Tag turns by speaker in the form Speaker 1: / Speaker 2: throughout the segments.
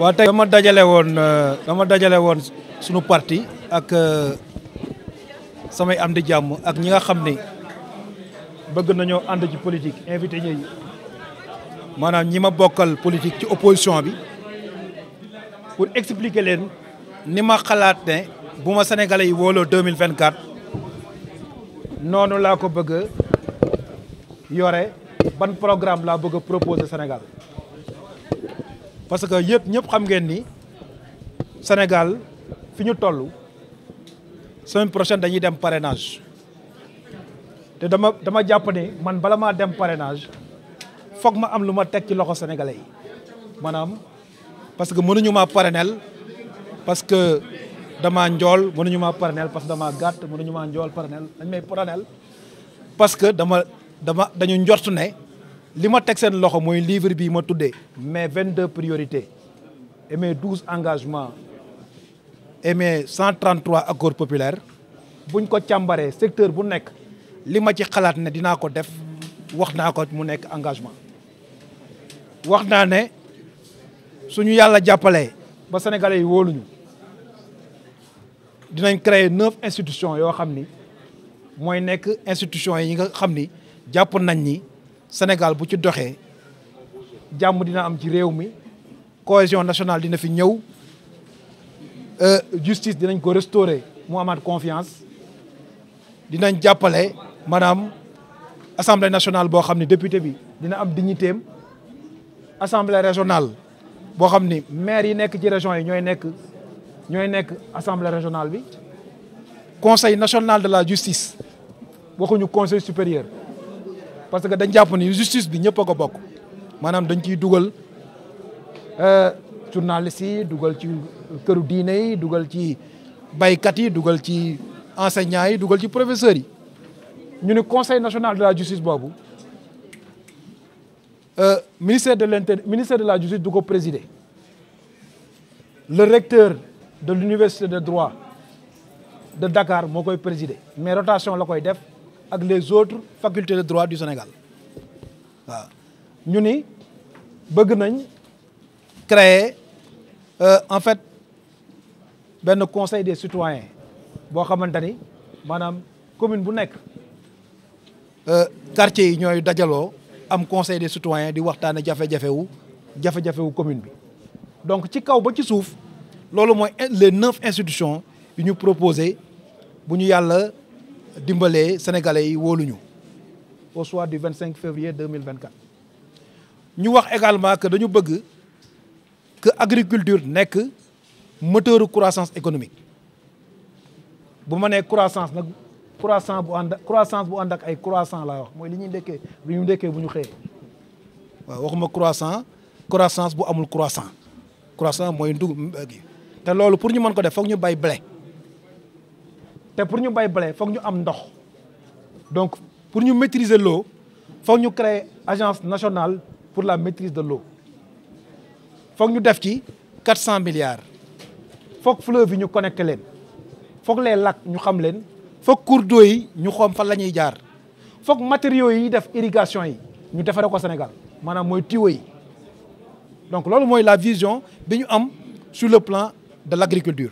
Speaker 1: waaw tey dama dajale woon euh, dama dajale woon sunu parti ak euh, samay am di jàmm ak ñi nga xam ni bëgg nañoo ànd ci politique invité ñi maanaam ñi ma bokkal politique ci opposition bi pour expliquer leen ni ma xalaat ne bu ma sénégalais yi wóoloo 2024 noonu laa ko bëgg yore ban programme laa bëgg a proposer Sénégal parce que yëpp ñëpp xam ngeen ni Sénégal fi ñu toll semaine prochaine dañuy dem parrainage te dama dama jàpp man bala maa dem parrainage foog ma am lu ma teg ci loxo sénégalais yi maanaam parce que mënuñu maa parrainel parce que damaa njool mënuñu maa parrainel parce que damaa gàtt mënuñu maa njool parrainel dañ may parrainel parce que dama. dama dañu njort ne li ma teg seen loxo mooy livre bii ma tuddee mais vingt deux priorités et douze engagements et cent trente trois accords populaires buñ ko càmbaree secteur bu nekk li ma ci xalaat ne dinaa ko def wax naa ko mu nekk engagement wax naa ne suñu yàlla jàppalee ba sénégalais yi wóoluñu dinañ créer neuf institutions yoo xam ni mooy nekk institutions yi nga xam ni jàpp nañ ni Sénégal bu ci doxee jàmm dina am ci réew mi cohésion nationale dina fi ñëw euh, justice dinañ ko restaurer mu amaat confiance dinañ jàppale maanaam assemblée nationale boo xam ne député bi dina am dignité am assemblée régionale boo xam ni maire yi nekk ci région yi ñooy nekk ñooy nekk assemblée régionale bi conseil national de la justice waxuñu conseil supérieur parce que dañ jàpp ni justice bi ñëpp a ko bokk maanaam dañ ciy dugal euh, journalistes yi dugal ci këru diine yi dugal ci baykat yi dugal ci enseignants yi dugal ci professeurs yi ñu ni conseil national de la justice boobu euh, ministère de l'intérieur ministère de la justice du ko présider le recteur de l'université de droit de Dakar moo koy présider mais rotation la koy def ak les autres facultés de droit du Sénégal waaw ñu ni bëgg nañ créer euh, en fait benn conseil des citoyens boo xamante ni maanaam commune bu nekk euh, quartier yi ñooy dajaloo am conseil des citoyens di waxtaane jafe-jafe jafe-jafe commune bi donc ci kaw ba ci suuf loolu mooy les neuf institutions yu ñu proposé bu ñu yàlla dimbalee sénégalais yi wóoluñu au soir du 25 février 2024. ñu wax également que dañu bëgg que agriculture nekk moteur croissance économique bu ma nee croissance nag croissance bu ànd croissance bu ànd ak ay croissant laa wax mooy li ñuy ndekkee li ñu ndekkee bu ñu xëyee waaw waxuma croissant croissance bu amul croissant croissant mooy ndug gi te loolu pour ñu mën ko def foog ñu bay blé te pour ñu bay ble foog ñu am ndox donc pour ñu maîtriser l'eau foog ñu créer agence nationale pour la maîtrise de l'eau foog ñu def ci quatre cent milliards foog fleuve yi ñu connecté leen foog les lacs ñu xam leen foog cours d'eau yi ñu xoom fan la ñuy jaar foog matériaux yi def irrigation yi ñu defaree ko Sénégal maanaam mooy tuyaux yi donc loolu mooy la vision bi ñu am sur le plan de l'agriculture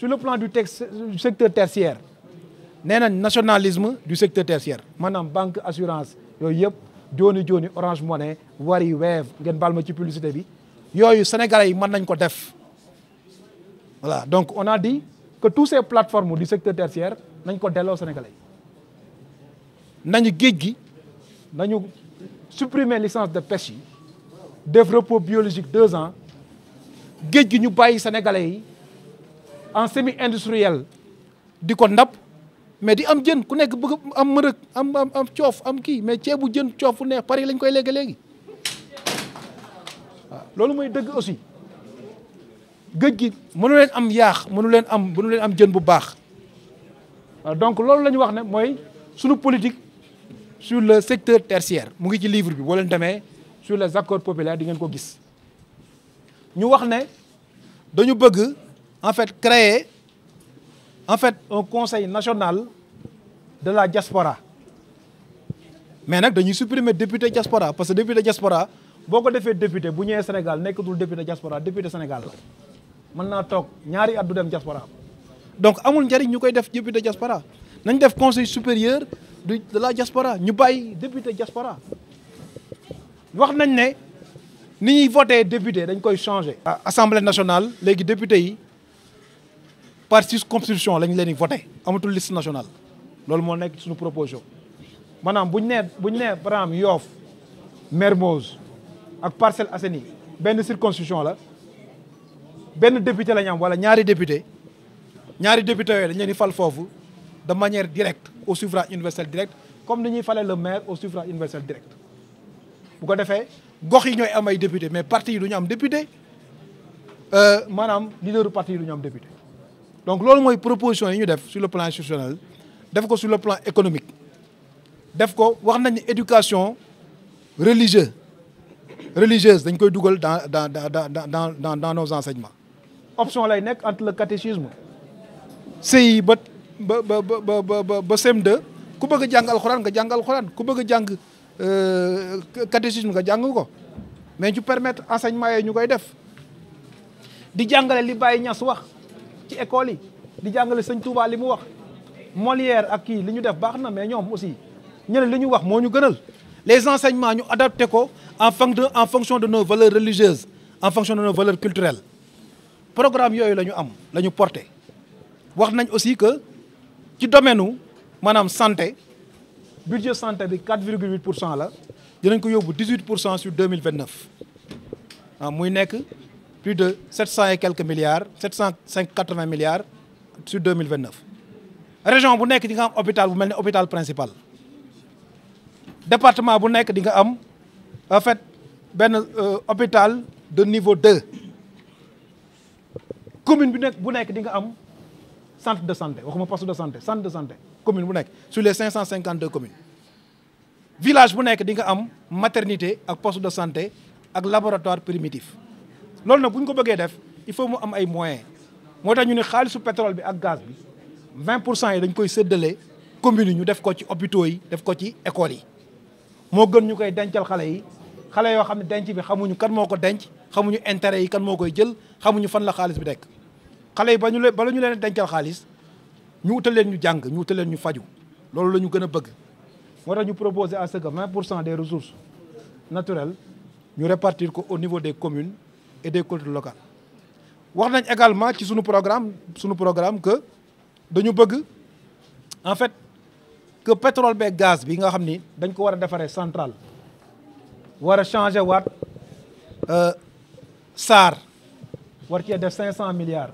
Speaker 1: sur le plan du texte du secteur tertiaire nee nañ nationalisme du secteur tertiaire maanaam banque assurance yooyu yëpp jooni jooni Orange Money Wari Wave ngeen baal ma ci publicité bi yooyu sénégalais yi mën nañ ko def voilà donc on a di que tous ces plateformes du secteur tertiaire nañ ko delloo sénégalais yi nañu géej gi nañu supprimer licence de pêche yi def repos biologique deux ans géej gi ñu bàyyi sénégalais yi en semi industriel di ko ndab mais di am jën ku nekk bëgg am mërëg am am am coof am kii mais ceebu jën coof bu neex Paris lañ koy léegi léegi waaw loolu mooy dëgg aussi gëj gi mënu am yaax mënu leen am mënu leen am jën bu baax donc loolu la ñu wax ne mooy sunu politique sur le secteur tertiaire mu ngi ci livre bi boo leen demee sur les accords populaires di ngeen ko gis ñu wax ne dañu bëgg en fait créer en fait un conseil national de la diaspora mais nag dañuy supprimer député jaspora parce que député jaspora boo ko defee député bu ñëwee Sénégal nekk nekkatul député diaspora député Sénégal la mën naa toog ñaari at dem diaspora donc amul njëriñ ñu koy def député diaspora nañ def conseil supérieur du de la jaspora ñu bàyyi député jaspora wax nañ ne ni ñuy voté député dañ koy changé. assemblée national léegi député yi. par six circonscriptions lañ leen di voté amatul liste nationale loolu moo nekk suñu proposition maanaam buñ nee buñ nee par exemple Yoff Mermoz ak parcelle Assainies benn circonscription la benn député la am wala ñaari député ñaari député yooyu dañ leen fal foofu de manière directe au suffrage universel direct comme ni ñuy falee le maire au suffrage universel direct bu ko defee gox yi ñooy am ay député mais parti yi du ñu am député euh, maanaam leaderu parti yi du ñu am député donc loolu mooy proposition yi ñu def sur le plan institutionnel def ko sur le plan économique def ko wax nañu éducation religieuse religieuse dañ koy dugal dans dans dans dans dans nos enseignements. option lay nekk entre le catéchisme CI ba ba ba ba ba cm ku bëgg a jàng alxuraan nga jàng ku bëgg a jàng euh, catéchisme nga jàng ko mais ñu permettre enseignement yooyu ñu koy def di jàngale li Baye Niass wax. ci école yi di jàngale sañ Touba li mu wax Molière ak kii li ñu def baax na mais ñoom aussi ñu ne li ñu wax moo ñu gënal les enseignements ñu adapté ko en fon en fonction de nos valeur religieuses en fonction de nos valeurs culturelles programme yooyu la ñu am la ñu porté wax nañ aussi que ci domaine u maanaam santé budget santé bi 4 virgule 8 pour cent la dinañ ko yóbbu 18 pour cent sur 2029 ah muy nekk plus de sept cent et quelques milliards sept cent quatre vingt milliards sur deux mille vingt neuf région bu nekk di nga am hôpital bu mel ne hôpital principal département bu nekk di nga am en fait benn euh, hôpital de niveau deux commune bu nekk bu nekk di nga am centre de santé waxuma poste de santé centre de santé commune bu nekk sur les cinq cent cinquante deux communes village bu nekk di nga am maternité ak poste de santé ak laboratoire primitif loolu nag bu ñu ko bëggee def il faut mu am ay moyen moo tax ñu ne xaalisu pétrole bi ak gaz bi 20 pour cent yi dañ koy séddale commune yi ñu def ko ci hôpitaux yi def ko ci écoles yi moo gën ñu koy dencal xale yi xale yoo xam ne denc bi xamuñu kan moo ko denc xamuñu intérêt yi kan moo koy jël xamuñu fan la xaalis bi nekk xale yi ba ñu leen bala ñu leen dencal xaalis ñu utal leen ñu jàng ñu utal leen ñu faju loolu la ñu gën a bëgg moo tax ñu proposer à ce que pour cent des ressources naturelles ñu répartir ko au niveau des communes et des collectivités locales wax nañ également ci suñu programme suñu programme que dañu bëgg en fait que pétrole bee gaz bi nga xam ni dañ ko war a defaree centrale war a changer waat euh, SAR war cee def cinq cent milliards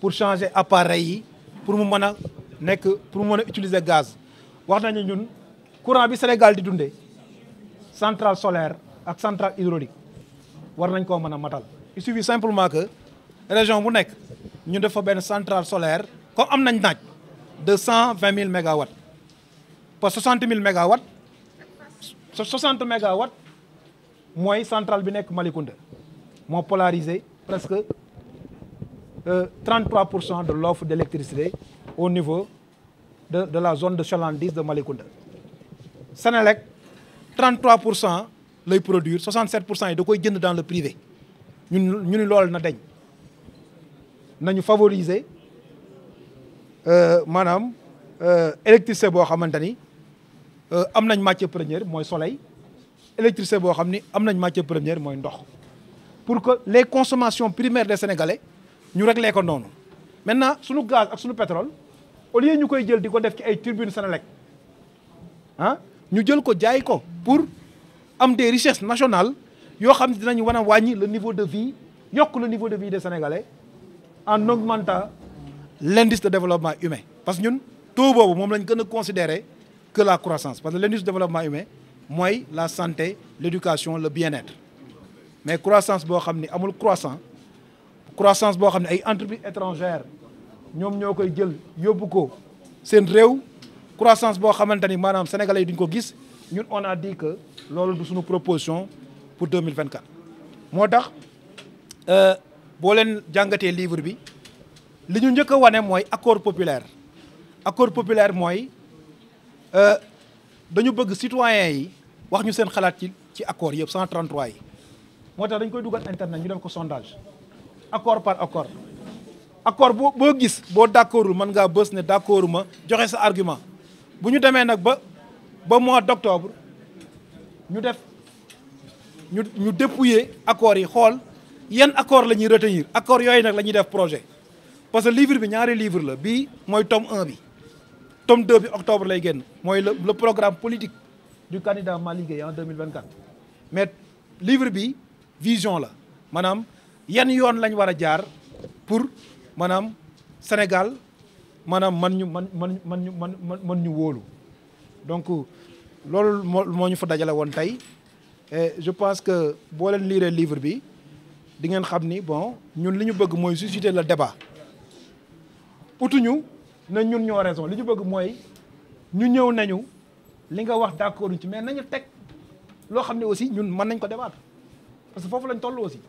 Speaker 1: pour changer appareil yi pour mu mën a nekk pour mu mën a utiliser gaz wax nañu ñun courant bi Sénégal di dundee centrale solaire ak centrale hydraulique war nañ koo mën a matal il suffit simplement que région bu nekk ñu def fa benn central solaire comme am nañ naaj de cent vingt mille mégawatts pour soixante mille mégawatts soixante mégawatts mooy centrale bi nekk Malicounda moo polarisé presque euh, trente trois pour cent de l'offre d'électricité au niveau de de la zone de chalandise de Malicounda Senelec pour cent lay produire 67 pour cent yi da koy jënd dans le privé ñun ñu ni loolu na dañ nañu favoriser euh, maanaam euh, électricité boo xamante ni euh, am nañ matière première mooy soleil électricité boo xam ni am nañ matière première mooy ndox pour que les consommations primaires des sénégalais ñu régler ko noonu maintenant suñu gaz ak suñu pétrole au lieu ñu koy jël di ko def ci ay turbines Senelec ah ñu jël ko jaay ko pour am des richesses nationales yoo xam ne dinañu wan wàññi le niveau de vie yokk le niveau de vie des Sénégalais en augmentant l'indice de développement humain parce que ñun taux boobu moom lañ gën a considérer que la croissance parce que l'indice de développement humain mooy la santé l'éducation le bien-être mais croissance boo xam ni amul croissant croissance boo xam ne ay entreprises étrangères ñoom ñoo koy jël yóbbu ko seen réew croissance boo xamante ni maanaam sénégalais yi duñ ko gis ñun loolu du suñu proposition pour 2024 moo tax euh, boo leen jàngatee livre bi li ñu njëkk a wane mooy accord populaire accord populaire mooy euh, dañu bëgg citoyen yi wax ñu seen xalaat ci ci accord yëpp 133 yi moo tax dañ koy dugal internet ñu def ko sondage accord par accord accord boo boo gis boo d'accordul mën ngaa bës ne d'accorduma joxe sa argument bu ñu demee nag ba ba mois d'octobre ñu def ñu ñu dépouiller accords yi xool yan accord la ñuy retenir accords yooyu nag la ñuy def projet parce que livre bi ñaari livre la bi mooy tome un bi tome 2 bi octobre lay génn mooy le programme politique du candidat Malick Gueye en 2024 mais livre bi vision la maanaam yan yoon lañu war a jaar pour maanaam Sénégal maanaam man ñu man man man ñu man man ñu wóolu donc loolu moo moo ñu fa dajale woon tey et je pense que boo leen liiree livre bi di ngeen xam ni bon ñun li ñu bëgg mooy susciter le débat utuñu na ñun ñoo raison li ñu bëgg mooy ñu ñëw nañu li nga wax d'accord ci mais nañu teg loo xam ne aussi ñun mën nañ ko débattre parce que foofu lañ toll aussi.